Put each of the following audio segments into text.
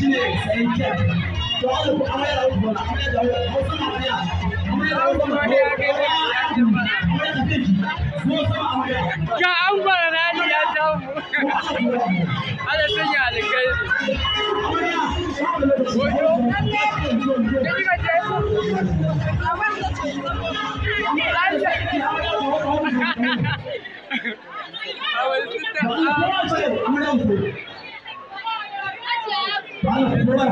shine sayan to ku ku ku ku ne ya kai ne amaya da kiki ko sama ya an bara na ni ya sanya alkai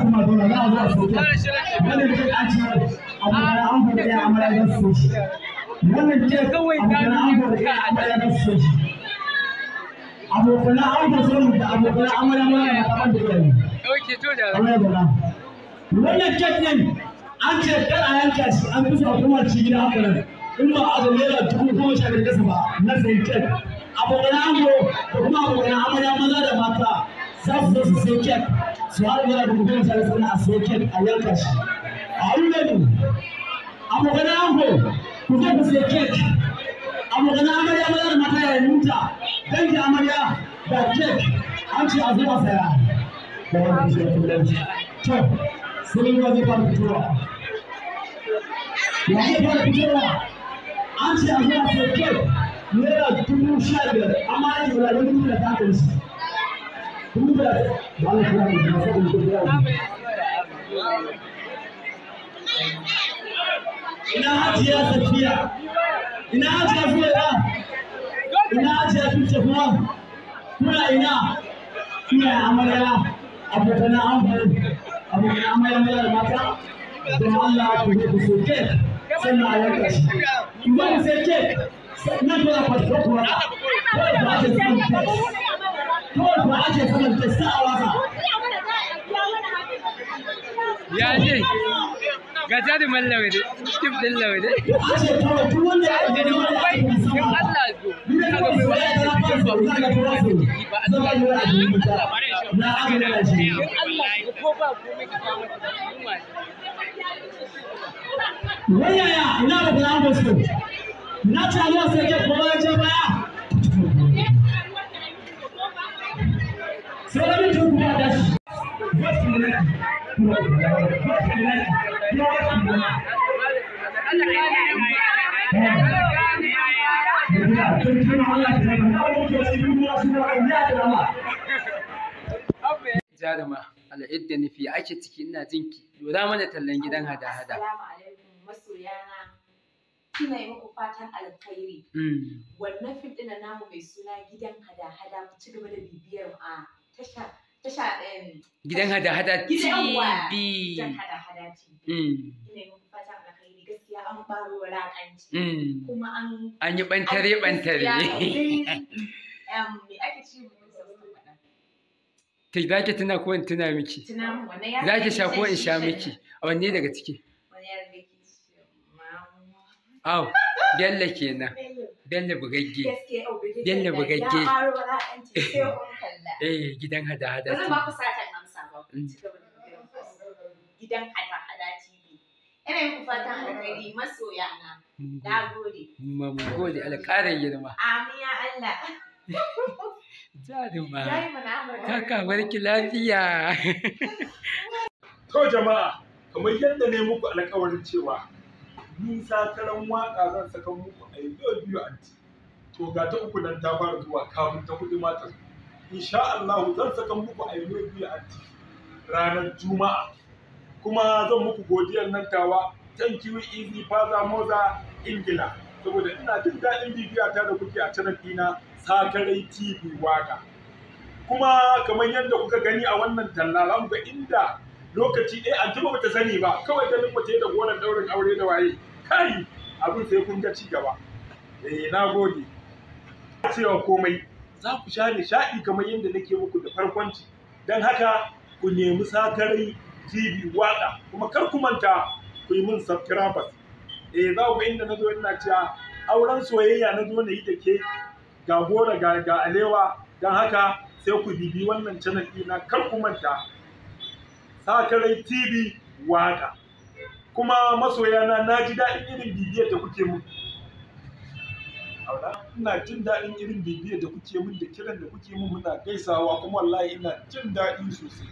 kuma dole za a zo a soke wannan ce a ce an faɗi ya amara ya so shi wannan ce amara an faɗi ya amara ya so shi an da abokan amara ya kamar da yayi to da an ce a yanka shi an fi kuma ci gida haka nan in ba a zaune dubu goma sha biyar ba na sai an kuma abokan amara maza da mata za su su sai kek su a soket a yanka shi a wuri da ni abokan ango ku zo ku kek amarya ya amarya da kek an a zuwa saya da wani yi wani fara an ce a zuwa sai dubu sha biyar amma ya ce wani dubu da Ina hajiya safiya, ina hajiya fiye ina hajiya fice kuma, kuna ina, kuna amarya, abokanan amfani, abokanan amarya mara mata, don Allah ku je ku soke, sannan a yanka shi. Ku ba ku sai ke, nan kuna fasfo kuma, kawai ba ta zama kawai kuma ake saman testa a wasa ya ce ga da mallawa ne kif din lawa ne Wayaya ina da filan na ce Allah sai ke kowa ya ce baya jaruma al'adda nufi ake ciki ina jinki lura mana tallan gidan hada-hada. Assalamu masoyana suna yi muku fatan alkhairi. Mm. Wannan fim ɗin namu mai suna gidan hada-hada ci gaba da bibiyar a tasha tasha Gidan hada-hada TV. Gidan mm. an mm. Kuma an. An yi ɓantare-ɓantare. Me ake ci Ta ko in tana miki? mu wannan Za sha ko in sha miki? A wanne daga ciki? ce Aw, Bello kenan. Bello bugagge. Oh, Bello bugagge. Eh gidan hada-hada. Ba zan ba ku satan amsa ba. Mm. Gidan hada-hada TV. Ina yin fatan alkhairi masoya na. da mm-hmm. gode. Mun gode alƙarin girma. Amin ya Allah. Jaruma. Ta kamar ki lafiya. To jama'a, kamar yadda ne muku alƙawarin cewa Musa taron waka zan saka muku a yi biyu a anti. To ga ta uku nan ta fara zuwa kafin ta hudu ma ta zo. Insha Allah zan saka muku a yi biyu a anti ranar Juma'a. Kuma zan muku godiyar nan tawa thank you easy father moza ingila saboda ina jin daɗin bibiya ta da kuke a channel ɗina sakarai tv waka kuma kamar yadda kuka gani a wannan talla ga inda lokaci ɗaya an jima bata sani ba kawai ganin mace da gonar ɗaurin aure da waye kai abin sai kun ga ci gaba eh na gode cewa komai za ku sha nishaɗi kamar yadda nake muku da farkonci don haka ku nemi sakarai tv waɗa, kuma kar ku manta ku yi min subscribers eh za ku inda na zo ina cewa auren soyayya na zo na yi da ke ga gora ga alewa don haka sai ku bibi wannan channel ɗina kar ku manta sakarai tv waɗa. kuma masoya na ji daɗin irin bibiyar da kuke mun ina jin daɗin irin bibiyar da kuke mun da kiran da kuke mun muna gaisawa kuma wallahi ina jin daɗi sosai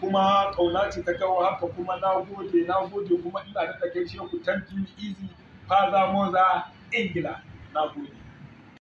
kuma ƙauna ce ta kawo haka kuma na gode na gode kuma ina da gaishe ku tantin easy faza moza ingila na gode